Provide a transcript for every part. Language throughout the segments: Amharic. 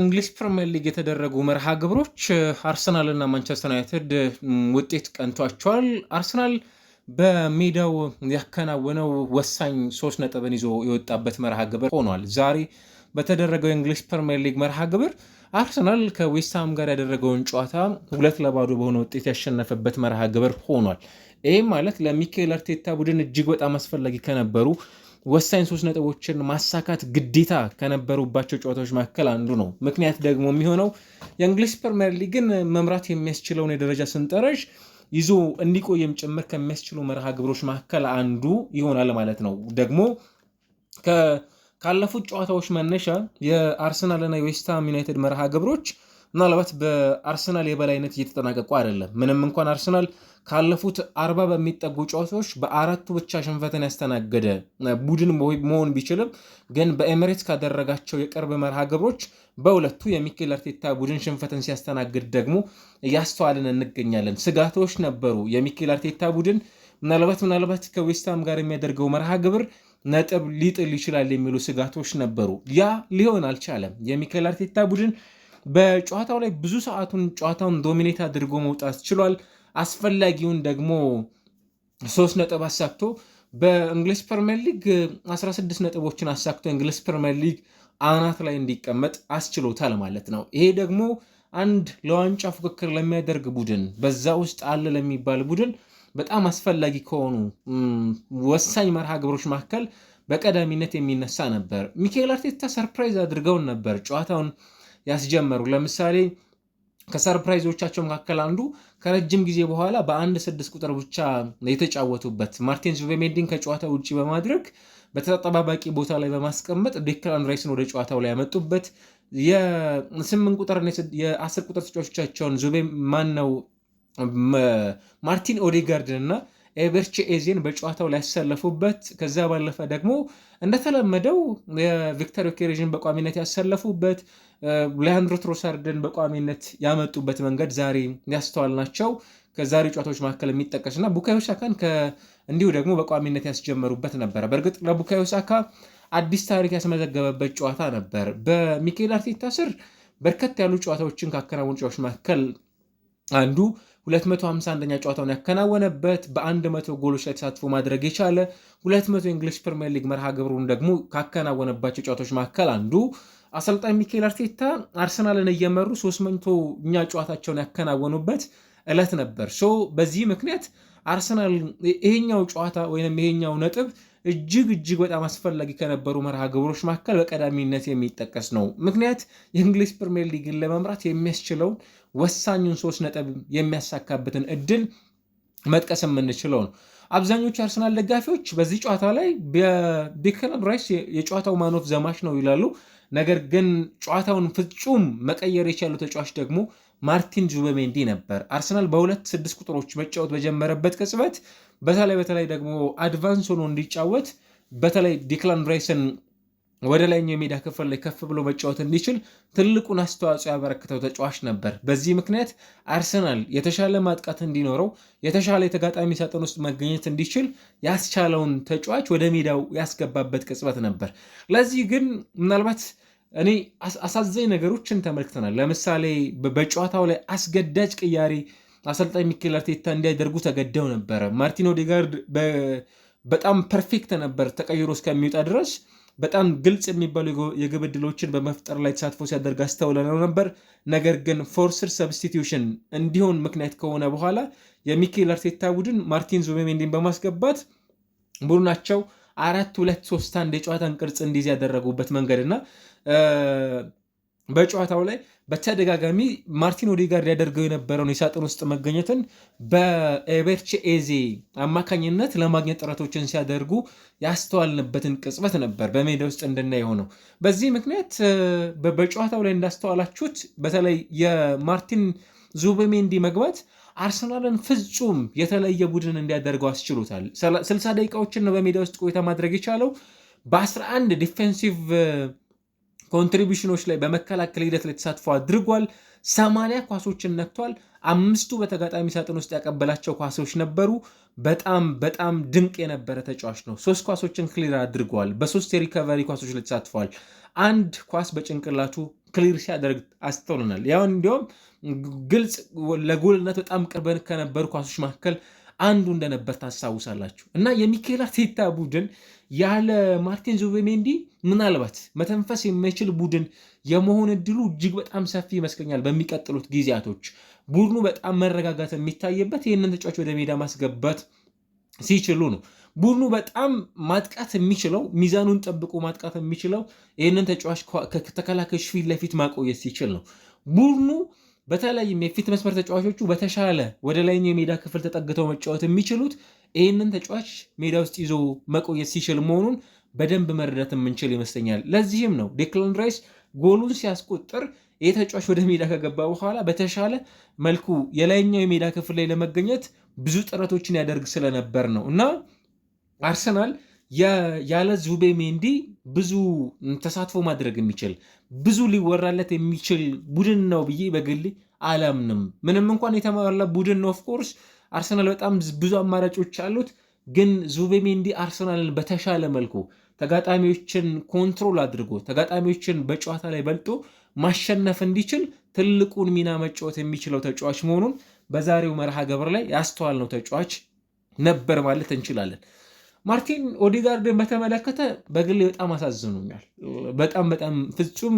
እንግሊዝ ፕሪምየር ሊግ የተደረጉ መርሃ ግብሮች አርሰናል እና ማንቸስተር ዩናይትድ ውጤት ቀንቷቸዋል። አርሰናል በሜዳው ያከናወነው ወሳኝ ሶስት ነጥብን ይዞ የወጣበት መርሃ ግብር ሆኗል። ዛሬ በተደረገው የእንግሊዝ ፕሪምየር ሊግ መርሃ ግብር አርሰናል ከዌስትሃም ጋር ያደረገውን ጨዋታ ሁለት ለባዶ በሆነ ውጤት ያሸነፈበት መርሃ ግብር ሆኗል። ይህም ማለት ለሚካኤል አርቴታ ቡድን እጅግ በጣም አስፈላጊ ከነበሩ ወሳኝ ሶስት ነጥቦችን ማሳካት ግዴታ ከነበሩባቸው ጨዋታዎች መካከል አንዱ ነው። ምክንያት ደግሞ የሚሆነው የእንግሊዝ ፕሪምየር ሊግን መምራት የሚያስችለውን የደረጃ ስንጠረዥ ይዞ እንዲቆየም ጭምር ከሚያስችሉ መርሃ ግብሮች መካከል አንዱ ይሆናል ማለት ነው። ደግሞ ካለፉት ጨዋታዎች መነሻ የአርሰናልና የዌስትሃም ዩናይትድ መርሃ ግብሮች ምናልባት በአርሰናል የበላይነት እየተጠናቀቁ አይደለም። ምንም እንኳን አርሰናል ካለፉት አርባ በሚጠጉ ጨዋታዎች በአራቱ ብቻ ሽንፈትን ያስተናገደ ቡድን መሆን ቢችልም ግን በኤምሬት ካደረጋቸው የቅርብ መርሃ ግብሮች በሁለቱ የሚኬል አርቴታ ቡድን ሽንፈትን ሲያስተናግድ ደግሞ እያስተዋልን እንገኛለን። ስጋቶች ነበሩ። የሚኬል አርቴታ ቡድን ምናልባት ምናልባት ከዌስትሃም ጋር የሚያደርገው መርሃ ግብር ነጥብ ሊጥል ይችላል የሚሉ ስጋቶች ነበሩ። ያ ሊሆን አልቻለም። የሚኬል አርቴታ ቡድን በጨዋታው ላይ ብዙ ሰዓቱን ጨዋታውን ዶሚኔት አድርጎ መውጣት ችሏል። አስፈላጊውን ደግሞ ሶስት ነጥብ አሳክቶ በእንግሊዝ ፕሪምየር ሊግ 16 ነጥቦችን አሳክቶ እንግሊዝ ፕሪምየር ሊግ አናት ላይ እንዲቀመጥ አስችሎታል ማለት ነው። ይሄ ደግሞ አንድ ለዋንጫ ፉክክር ለሚያደርግ ቡድን በዛ ውስጥ አለ ለሚባል ቡድን በጣም አስፈላጊ ከሆኑ ወሳኝ መርሃ ግብሮች መካከል በቀዳሚነት የሚነሳ ነበር። ሚካኤል አርቴታ ሰርፕራይዝ አድርገውን ነበር ጨዋታውን ያስጀመሩ። ለምሳሌ ከሰርፕራይዞቻቸው መካከል አንዱ ከረጅም ጊዜ በኋላ በአንድ ስድስት ቁጥር ብቻ የተጫወቱበት ማርቲን ዙቤሜንዲን ከጨዋታ ውጭ በማድረግ በተጠባባቂ ቦታ ላይ በማስቀመጥ ዴክላን ራይስን ወደ ጨዋታው ላይ ያመጡበት የስምንት ቁጥርና የአስር ቁጥር ተጫዋቾቻቸውን ዙቤ ማን ነው ማርቲን ኦዴጋርድን እና ኤቤርቺ ኤዜን በጨዋታው ላያሰለፉበት ከዛ ባለፈ ደግሞ እንደተለመደው የቪክተር ዮኬሬዥን በቋሚነት ያሰለፉበት ሊያንድሮ ትሮሳርድን በቋሚነት ያመጡበት መንገድ ዛሬ ያስተዋል ናቸው። ከዛሬ ጨዋታዎች መካከል የሚጠቀስ እና ቡካዮ ሳካን እንዲሁ ደግሞ በቋሚነት ያስጀመሩበት ነበረ። በእርግጥ ለቡካዮ ሳካ አዲስ ታሪክ ያስመዘገበበት ጨዋታ ነበር። በሚኬል አርቴታ ስር በርከት ያሉ ጨዋታዎችን ካከናወኑ ጨዋታዎች መካከል አንዱ 251ኛ ጨዋታውን ያከናወነበት በ100 ጎሎች ላይ ተሳትፎ ማድረግ የቻለ 200 የእንግሊዝ ፕሪምየር ሊግ መርሃ ግብሩን ደግሞ ካከናወነባቸው ጨዋታዎች መካከል አንዱ አሰልጣኝ ሚካኤል አርቴታ አርሰናልን እየመሩ 300ኛ ጨዋታቸውን ያከናወኑበት እለት ነበር። ሶ በዚህ ምክንያት አርሰናል ይሄኛው ጨዋታ ወይም ይሄኛው ነጥብ እጅግ እጅግ በጣም አስፈላጊ ከነበሩ መርሃ ግብሮች መካከል በቀዳሚነት የሚጠቀስ ነው። ምክንያት የእንግሊዝ ፕሪምየር ሊግን ለመምራት የሚያስችለውን ወሳኙን ሶስት ነጥብ የሚያሳካበትን እድል መጥቀስ የምንችለው ነው። አብዛኞቹ አርሰናል ደጋፊዎች በዚህ ጨዋታ ላይ በዴክላን ራይስ የጨዋታው ማን ኦፍ ነው ይላሉ። ነገር ግን ጨዋታውን ፍጹም መቀየር የቻሉ ተጫዋች ደግሞ ማርቲን ዙበሜንዲ ነበር። አርሰናል በሁለት ስድስት ቁጥሮች መጫወት በጀመረበት ቅጽበት በተለይ በተለይ ደግሞ አድቫንስ ሆኖ እንዲጫወት በተለይ ዲክላን ራይስን ወደ ላይኛው የሜዳ ክፍል ላይ ከፍ ብሎ መጫወት እንዲችል ትልቁን አስተዋጽኦ ያበረክተው ተጫዋች ነበር። በዚህ ምክንያት አርሰናል የተሻለ ማጥቃት እንዲኖረው፣ የተሻለ የተጋጣሚ ሳጥን ውስጥ መገኘት እንዲችል ያስቻለውን ተጫዋች ወደ ሜዳው ያስገባበት ቅጽበት ነበር። ለዚህ ግን ምናልባት እኔ አሳዛኝ ነገሮችን ተመልክተናል። ለምሳሌ በጨዋታው ላይ አስገዳጅ ቅያሬ አሰልጣኝ ሚኬል አርቴታ እንዲያደርጉ ተገደው ነበረ። ማርቲን ኦዴጋርድ በጣም ፐርፌክት ነበር ተቀይሮ እስከሚወጣ ድረስ በጣም ግልጽ የሚባሉ የግብ ዕድሎችን በመፍጠር ላይ ተሳትፎ ሲያደርግ አስተውለነው ነበር። ነገር ግን ፎርስድ ሰብስቲቱሽን እንዲሆን ምክንያት ከሆነ በኋላ የሚኬል አርቴታ ቡድን ማርቲን ዙቤሜንዲን በማስገባት ቡድናቸው አራት ሁለት ሶስት አንድ የጨዋታን ቅርጽ እንዲይዝ ያደረጉበት መንገድና በጨዋታው ላይ በተደጋጋሚ ማርቲን ኦዴጋርድ ያደርገው የነበረውን የሳጥን ውስጥ መገኘትን በኤቤርቼ ኤዜ አማካኝነት ለማግኘት ጥረቶችን ሲያደርጉ ያስተዋልንበትን ቅጽበት ነበር በሜዳ ውስጥ እንድናይ የሆነው። በዚህ ምክንያት በጨዋታው ላይ እንዳስተዋላችሁት በተለይ የማርቲን ዙቤሜንዲ መግባት አርሰናልን ፍጹም የተለየ ቡድን እንዲያደርገው አስችሎታል። 60 ደቂቃዎችን ነው በሜዳ ውስጥ ቆይታ ማድረግ የቻለው በ11 ዲፌንሲቭ ኮንትሪቢሽኖች ላይ በመከላከል ሂደት ላይ ተሳትፎ አድርጓል። ሰማንያ ኳሶችን ነክቷል። አምስቱ በተጋጣሚ ሳጥን ውስጥ ያቀበላቸው ኳሶች ነበሩ። በጣም በጣም ድንቅ የነበረ ተጫዋች ነው። ሶስት ኳሶችን ክሊር አድርገዋል። በሶስት የሪከቨሪ ኳሶች ላይ ተሳትፈዋል። አንድ ኳስ በጭንቅላቱ ክሊር ሲያደርግ አስተውለናል። ያው እንዲሁም ግልጽ ለጎልነት በጣም ቅርበን ከነበሩ ኳሶች መካከል አንዱ እንደነበር ታስታውሳላችሁ። እና የሚኬል አርቴታ ቡድን ያለ ማርቲን ዙቤሜንዲ ምናልባት መተንፈስ የማይችል ቡድን የመሆን እድሉ እጅግ በጣም ሰፊ ይመስለኛል። በሚቀጥሉት ጊዜያቶች ቡድኑ በጣም መረጋጋት የሚታይበት ይህንን ተጫዋች ወደ ሜዳ ማስገባት ሲችሉ ነው። ቡድኑ በጣም ማጥቃት የሚችለው ሚዛኑን ጠብቆ ማጥቃት የሚችለው ይህንን ተጫዋች ከተከላካዮች ፊት ለፊት ማቆየት ሲችል ነው ቡድኑ በተለይም የፊት መስመር ተጫዋቾቹ በተሻለ ወደ ላይኛው የሜዳ ክፍል ተጠግተው መጫወት የሚችሉት ይህንን ተጫዋች ሜዳ ውስጥ ይዞ መቆየት ሲችል መሆኑን በደንብ መረዳት የምንችል ይመስለኛል። ለዚህም ነው ዴክላን ራይስ ጎሉን ሲያስቆጥር ይህ ተጫዋች ወደ ሜዳ ከገባ በኋላ በተሻለ መልኩ የላይኛው የሜዳ ክፍል ላይ ለመገኘት ብዙ ጥረቶችን ያደርግ ስለነበር ነው እና አርሰናል ያለ ዙቤ ሜንዲ ብዙ ተሳትፎ ማድረግ የሚችል ብዙ ሊወራለት የሚችል ቡድን ነው ብዬ በግሌ አላምንም። ምንም እንኳን የተሟላ ቡድን ነው ኦፍኮርስ አርሰናል በጣም ብዙ አማራጮች አሉት። ግን ዙቤሜንዲ አርሰናልን በተሻለ መልኩ ተጋጣሚዎችን ኮንትሮል አድርጎ ተጋጣሚዎችን በጨዋታ ላይ በልጦ ማሸነፍ እንዲችል ትልቁን ሚና መጫወት የሚችለው ተጫዋች መሆኑን በዛሬው መርሃ ግብር ላይ ያስተዋልነው ተጫዋች ነበር ማለት እንችላለን። ማርቲን ኦዲጋርድ በተመለከተ በግሌ በጣም አሳዝኑኛል። በጣም በጣም ፍጹም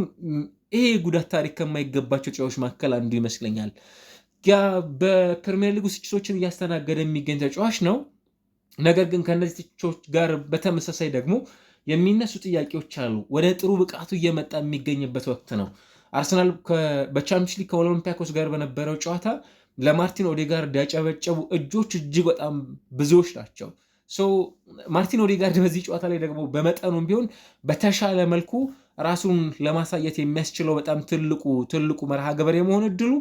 ይሄ ጉዳት ታሪክ ከማይገባቸው ተጫዋቾች መካከል አንዱ ይመስለኛል። ያ በፕሪሚየር ሊጉ ስጭቶችን እያስተናገደ የሚገኝ ተጫዋች ነው። ነገር ግን ከእነዚህ ትቾች ጋር በተመሳሳይ ደግሞ የሚነሱ ጥያቄዎች አሉ። ወደ ጥሩ ብቃቱ እየመጣ የሚገኝበት ወቅት ነው። አርሰናል በቻምፒዮንስ ሊግ ከኦሎምፒያኮስ ጋር በነበረው ጨዋታ ለማርቲን ኦዴጋርድ ያጨበጨቡ እጆች እጅግ በጣም ብዙዎች ናቸው። ማርቲን ኦዴጋርድ በዚህ ጨዋታ ላይ ደግሞ በመጠኑም ቢሆን በተሻለ መልኩ ራሱን ለማሳየት የሚያስችለው በጣም ትልቁ ትልቁ መርሃ ግብር የመሆን እድሉ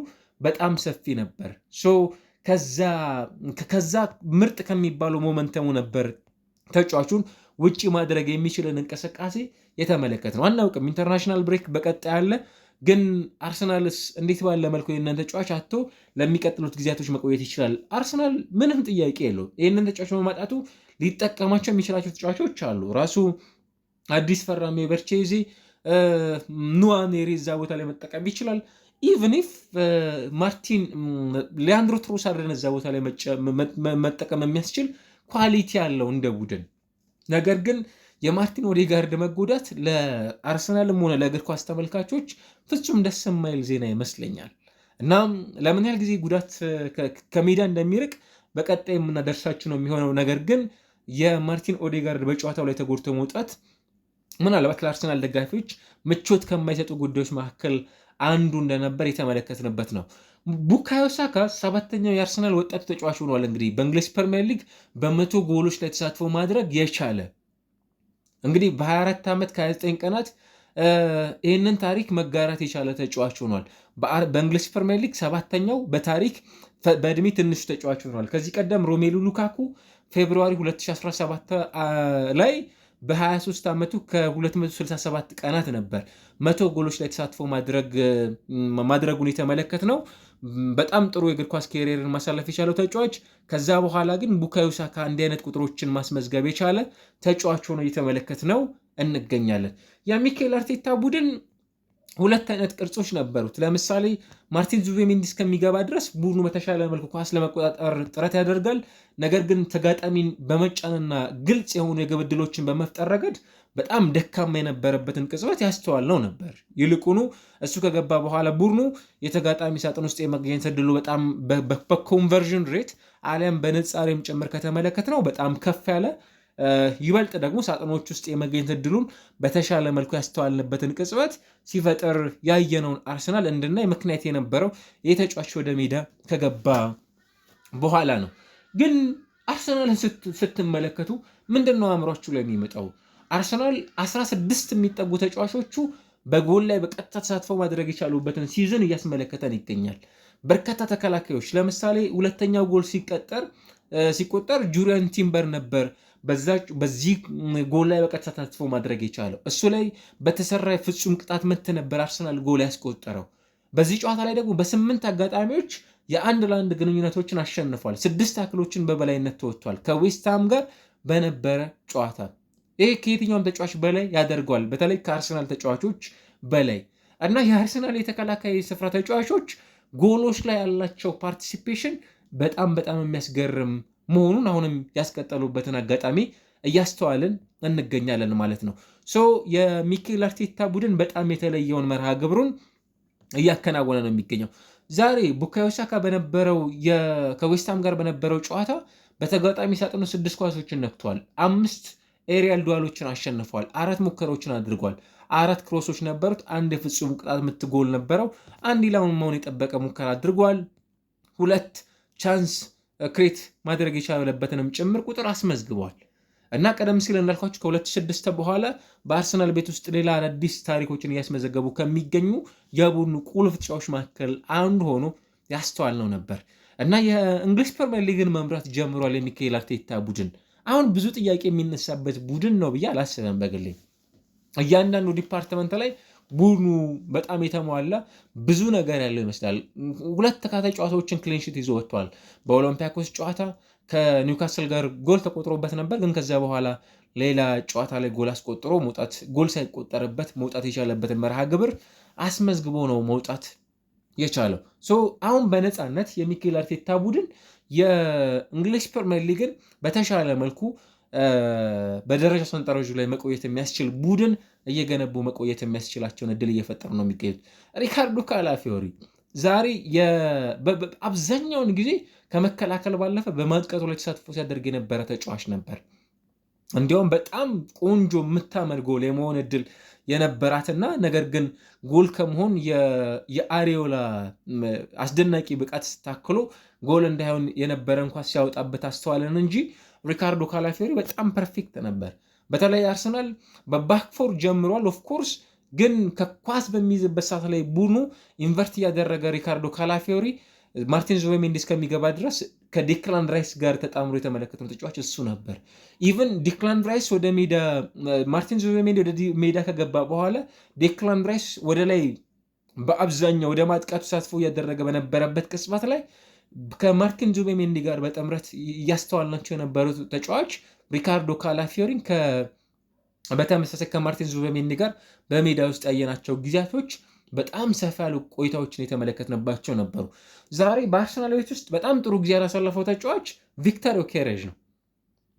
በጣም ሰፊ ነበር። ከዛ ምርጥ ከሚባለው ሞመንተሙ ነበር ተጫዋቹን ውጪ ማድረግ የሚችልን እንቅስቃሴ የተመለከት ነው። አናውቅም ኢንተርናሽናል ብሬክ በቀጣይ ያለ ግን አርሰናልስ እንዴት ባለ መልኩ ይህንን ተጫዋች አቶ ለሚቀጥሉት ጊዜያቶች መቆየት ይችላል? አርሰናል ምንም ጥያቄ የለው ይህንን ተጫዋች በማጣቱ ሊጠቀማቸው የሚችላቸው ተጫዋቾች አሉ። ራሱ አዲስ ፈራሚ በርቼዚ ኑዋኔሪ እዛ ቦታ ላይ መጠቀም ይችላል። ኢቨን ኢፍ ማርቲን ሊያንድሮ ትሮሳርድን እዛ ቦታ ላይ መጠቀም የሚያስችል ኳሊቲ ያለው እንደ ቡድን ነገር ግን የማርቲን ኦዴጋርድ መጎዳት ለአርሰናልም ሆነ ለእግር ኳስ ተመልካቾች ፍጹም ደስ የማይል ዜና ይመስለኛል። እናም ለምን ያህል ጊዜ ጉዳት ከሜዳ እንደሚርቅ በቀጣይ የምናደርሳችሁ ነው የሚሆነው። ነገር ግን የማርቲን ኦዴጋርድ በጨዋታው ላይ ተጎድቶ መውጣት ምናልባት ለአርሰናል ደጋፊዎች ምቾት ከማይሰጡ ጉዳዮች መካከል አንዱ እንደነበር የተመለከትንበት ነው። ቡካዮ ሳካ ሰባተኛው የአርሰናል ወጣቱ ተጫዋች ሆኗል። እንግዲህ በእንግሊዝ ፕሪሚየር ሊግ በመቶ ጎሎች ላይ ተሳትፎ ማድረግ የቻለ እንግዲህ በ24 ዓመት ከ29 ቀናት ይህንን ታሪክ መጋራት የቻለ ተጫዋች ሆኗል። በእንግሊዝ ፕሪሚየር ሊግ ሰባተኛው በታሪክ በእድሜ ትንሹ ተጫዋች ሆኗል። ከዚህ ቀደም ሮሜሉ ሉካኩ ፌብሩዋሪ 2017 ላይ በ23 ዓመቱ ከ267 ቀናት ነበር መቶ ጎሎች ላይ ተሳትፎ ማድረጉን የተመለከት ነው። በጣም ጥሩ የእግር ኳስ ኬሪየርን ማሳለፍ የቻለው ተጫዋች ከዛ በኋላ ግን ቡካዮ ሳካ እንዲህ አይነት ቁጥሮችን ማስመዝገብ የቻለ ተጫዋች ሆኖ እየተመለከት ነው እንገኛለን። የሚኬል አርቴታ ቡድን ሁለት አይነት ቅርጾች ነበሩት። ለምሳሌ ማርቲን ዙቤሜንዲ እስከሚገባ ድረስ ቡድኑ በተሻለ መልኩ ኳስ ለመቆጣጠር ጥረት ያደርጋል። ነገር ግን ተጋጣሚን በመጫንና ግልጽ የሆኑ የግብ ዕድሎችን በመፍጠር ረገድ በጣም ደካማ የነበረበትን ቅጽበት ያስተዋልነው ነበር። ይልቁኑ እሱ ከገባ በኋላ ቡድኑ የተጋጣሚ ሳጥን ውስጥ የመገኘት ዕድሉ በጣም በኮንቨርዥን ሬት አሊያም በነጻ ጭምር ከተመለከት ነው በጣም ከፍ ያለ ይበልጥ ደግሞ ሳጥኖች ውስጥ የመገኘት እድሉን በተሻለ መልኩ ያስተዋልንበትን ቅጽበት ሲፈጥር ያየነውን አርሰናል እንድናይ ምክንያት የነበረው የተጫዋች ወደ ሜዳ ከገባ በኋላ ነው። ግን አርሰናልን ስትመለከቱ ምንድን ነው አእምሯችሁ ላይ የሚመጣው? አርሰናል 16 የሚጠጉ ተጫዋቾቹ በጎል ላይ በቀጥታ ተሳትፎ ማድረግ የቻሉበትን ሲዝን እያስመለከተን ይገኛል። በርካታ ተከላካዮች ለምሳሌ ሁለተኛው ጎል ሲቆጠር ጁሪያን ቲምበር ነበር በዚህ ጎል ላይ በቀጥታ ተሳትፎ ማድረግ የቻለው እሱ ላይ በተሰራ የፍጹም ቅጣት ምት ነበር አርሰናል ጎል ያስቆጠረው። በዚህ ጨዋታ ላይ ደግሞ በስምንት አጋጣሚዎች የአንድ ለአንድ ግንኙነቶችን አሸንፏል። ስድስት አክሎችን በበላይነት ተወጥቷል ከዌስትሃም ጋር በነበረ ጨዋታ። ይሄ ከየትኛውም ተጫዋች በላይ ያደርገዋል፣ በተለይ ከአርሰናል ተጫዋቾች በላይ እና የአርሰናል የተከላካይ ስፍራ ተጫዋቾች ጎሎች ላይ ያላቸው ፓርቲሲፔሽን በጣም በጣም የሚያስገርም መሆኑን አሁንም ያስቀጠሉበትን አጋጣሚ እያስተዋልን እንገኛለን ማለት ነው። ሶ የሚኬል አርቴታ ቡድን በጣም የተለየውን መርሃ ግብሩን እያከናወነ ነው የሚገኘው። ዛሬ ቡካዮ ሳካ በነበረው ከዌስትሃም ጋር በነበረው ጨዋታ በተጋጣሚ ሳጥኑ ስድስት ኳሶችን ነክተዋል። አምስት ኤሪያል ዱዋሎችን አሸንፈዋል። አራት ሙከራዎችን አድርጓል። አራት ክሮሶች ነበሩት። አንድ የፍጹም ቅጣት ምት ጎል ነበረው። አንድ ኢላማውን መሆን የጠበቀ ሙከራ አድርጓል። ሁለት ቻንስ ክሬት ማድረግ የቻለበትንም ጭምር ቁጥር አስመዝግቧል። እና ቀደም ሲል እንዳልኳቸው ከ2006 በኋላ በአርሰናል ቤት ውስጥ ሌላ አዳዲስ ታሪኮችን እያስመዘገቡ ከሚገኙ የቡድኑ ቁልፍ ተጫዋቾች መካከል አንዱ ሆኖ ያስተዋልነው ነበር። እና የእንግሊዝ ፕሪምየር ሊግን መምራት ጀምሯል የሚካኤል አርቴታ ቡድን። አሁን ብዙ ጥያቄ የሚነሳበት ቡድን ነው ብዬ አላስበም በግሌ እያንዳንዱ ዲፓርትመንት ላይ ቡድኑ በጣም የተሟላ ብዙ ነገር ያለው ይመስላል። ሁለት ተካታይ ጨዋታዎችን ክሊንሽት ይዞ ወጥቷል። በኦሎምፒያኮስ ጨዋታ ከኒውካስል ጋር ጎል ተቆጥሮበት ነበር፣ ግን ከዚያ በኋላ ሌላ ጨዋታ ላይ ጎል አስቆጥሮ መውጣት ጎል ሳይቆጠርበት መውጣት የቻለበትን መርሃ ግብር አስመዝግቦ ነው መውጣት የቻለው። አሁን በነፃነት የሚኬል አርቴታ ቡድን የእንግሊዝ ፕሪሚየር ሊግን በተሻለ መልኩ በደረጃ ሰንጠረዡ ላይ መቆየት የሚያስችል ቡድን እየገነቡ መቆየት የሚያስችላቸውን እድል እየፈጠሩ ነው የሚገኙት። ሪካርዶ ካላፊዮሪ ዛሬ አብዛኛውን ጊዜ ከመከላከል ባለፈ በማጥቃቱ ላይ ተሳትፎ ሲያደርግ የነበረ ተጫዋች ነበር። እንዲያውም በጣም ቆንጆ የምታምር ጎል የመሆን እድል የነበራትና ነገር ግን ጎል ከመሆን የአሪዮላ አስደናቂ ብቃት ስታክሎ ጎል እንዳይሆን የነበረ እንኳ ሲያወጣበት አስተዋለን እንጂ ሪካርዶ ካላፊዮሪ በጣም ፐርፌክት ነበር። በተለይ አርሰናል በባክፎር ጀምሯል። ኦፍኮርስ ግን ከኳስ በሚይዝበት ሰዓት ላይ ቡኑ ኢንቨርት እያደረገ ሪካርዶ ካላፊዮሪ ማርቲን ዙቤሜንዲ እስከሚገባ ድረስ ከዲክላን ራይስ ጋር ተጣምሮ የተመለከተ ተጫዋች እሱ ነበር። ኢቨን ዲክላን ራይስ ወደ ሜዳ ማርቲን ዙቤሜንዲ ወደ ሜዳ ከገባ በኋላ ዲክላን ራይስ ወደ ላይ በአብዛኛው ወደ ማጥቃቱ ተሳትፎ እያደረገ በነበረበት ቅጽበት ላይ ከማርቲን ዙቤሜንዲ ጋር በጥምረት እያስተዋልናቸው የነበሩት ተጫዋች ሪካርዶ ካላፊዮሪን በተመሳሳይ ከማርቲን ዙቤሜንዲ ጋር በሜዳ ውስጥ ያየናቸው ጊዜያቶች በጣም ሰፋ ያሉ ቆይታዎችን የተመለከትንባቸው ነበሩ። ዛሬ በአርሰናል ቤት ውስጥ በጣም ጥሩ ጊዜ ያላሳለፈው ተጫዋች ቪክተር ኦኬሬጅ ነው።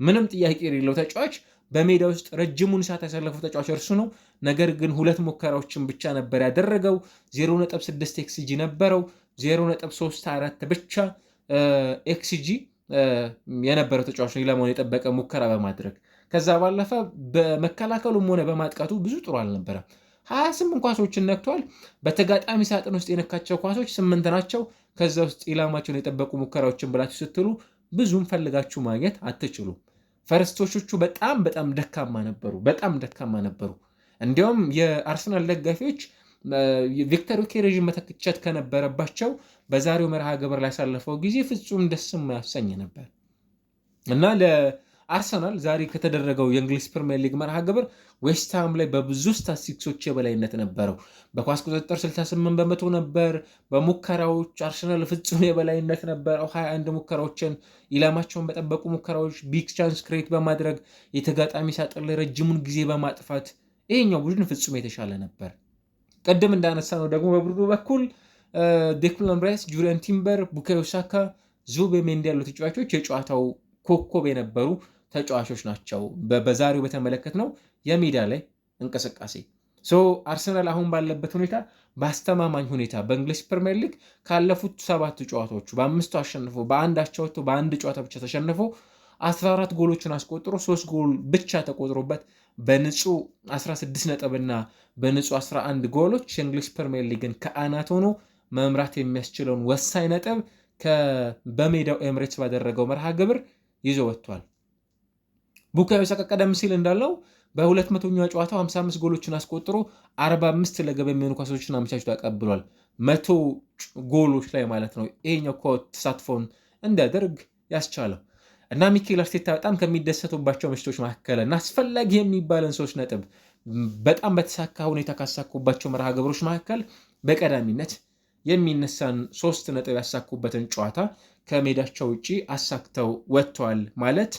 ምንም ጥያቄ የሌለው ተጫዋች በሜዳ ውስጥ ረጅሙን ሰዓት ያሳለፈው ተጫዋች እርሱ ነው። ነገር ግን ሁለት ሙከራዎችን ብቻ ነበር ያደረገው። 0.6 ኤክስጂ ነበረው። 0.34 ብቻ ኤክስጂ የነበረ ተጫዋች ነው የጠበቀ ሙከራ በማድረግ ከዛ ባለፈ በመከላከሉም ሆነ በማጥቃቱ ብዙ ጥሩ አልነበረም። 28 ኳሶችን ነክቷል። በተጋጣሚ ሳጥን ውስጥ የነካቸው ኳሶች ስምንት ናቸው። ከዛ ውስጥ ኢላማቸውን የጠበቁ ሙከራዎችን ብላችሁ ስትሉ ብዙም ፈልጋችሁ ማግኘት አትችሉም። ፈረስቶቹ በጣም በጣም ደካማ ነበሩ፣ በጣም ደካማ ነበሩ። እንዲያውም የአርሰናል ደጋፊዎች ቪክተር ዮኬሬዥን መተክቸት ከነበረባቸው በዛሬው መርሃ ግብር ላይ ያሳለፈው ጊዜ ፍጹም ደስ የሚያሰኝ ነበር እና ለአርሰናል ዛሬ ከተደረገው የእንግሊዝ ፕሪምየር ሊግ መርሃ ግብር ዌስትሃም ላይ በብዙ ስታትስቲክሶች የበላይነት ነበረው። በኳስ ቁጥጥር 68 በመቶ ነበር። በሙከራዎች አርሰናል ፍጹም የበላይነት ነበረው። 21 ሙከራዎችን ኢላማቸውን በጠበቁ ሙከራዎች ቢግ ቻንስ ክሬት በማድረግ የተጋጣሚ ሳጥን ላይ ረጅሙን ጊዜ በማጥፋት ይሄኛው ቡድን ፍጹም የተሻለ ነበር። ቅድም እንዳነሳ ነው ደግሞ በቡድኑ በኩል ዴክላን ራይስ፣ ጁሪያን ቲምበር፣ ቡካዮ ሳካ፣ ሜንዲ ያሉ ተጫዋቾች የጨዋታው ኮከብ የነበሩ ተጫዋቾች ናቸው። በዛሬው በተመለከት ነው የሜዳ ላይ እንቅስቃሴ አርሰናል አሁን ባለበት ሁኔታ በአስተማማኝ ሁኔታ በእንግሊዝ ፕሪምየር ሊግ ካለፉት ሰባት ጨዋታዎቹ በአምስቱ አሸንፎ በአንድ አቻ ወጥቶ በአንድ ጨዋታ ብቻ ተሸንፎ 14 ጎሎችን አስቆጥሮ ሶስት ጎል ብቻ ተቆጥሮበት በንጹህ 16 ነጥብና በንጹህ 11 ጎሎች የእንግሊዝ ፕሪምየር ሊግን ከአናት ሆኖ መምራት የሚያስችለውን ወሳኝ ነጥብ በሜዳው ኤምሬትስ ባደረገው መርሃ ግብር ይዞ ወጥቷል። ቡካዮ ሳካ ቀደም ሲል እንዳለው በ200ኛ ጨዋታው 55 ጎሎችን አስቆጥሮ 45 ለግብ የሚሆኑ ኳሶችን አመቻችቶ ያቀብሏል። መቶ ጎሎች ላይ ማለት ነው ይሄኛው ተሳትፎን እንዲያደርግ ያስቻለው። እና ሚኬል አርቴታ በጣም ከሚደሰቱባቸው ምሽቶች መካከል እና አስፈላጊ የሚባለን ሶስት ነጥብ በጣም በተሳካ ሁኔታ ካሳኩባቸው መርሃ ግብሮች መካከል በቀዳሚነት የሚነሳን ሶስት ነጥብ ያሳኩበትን ጨዋታ ከሜዳቸው ውጭ አሳክተው ወጥተዋል ማለት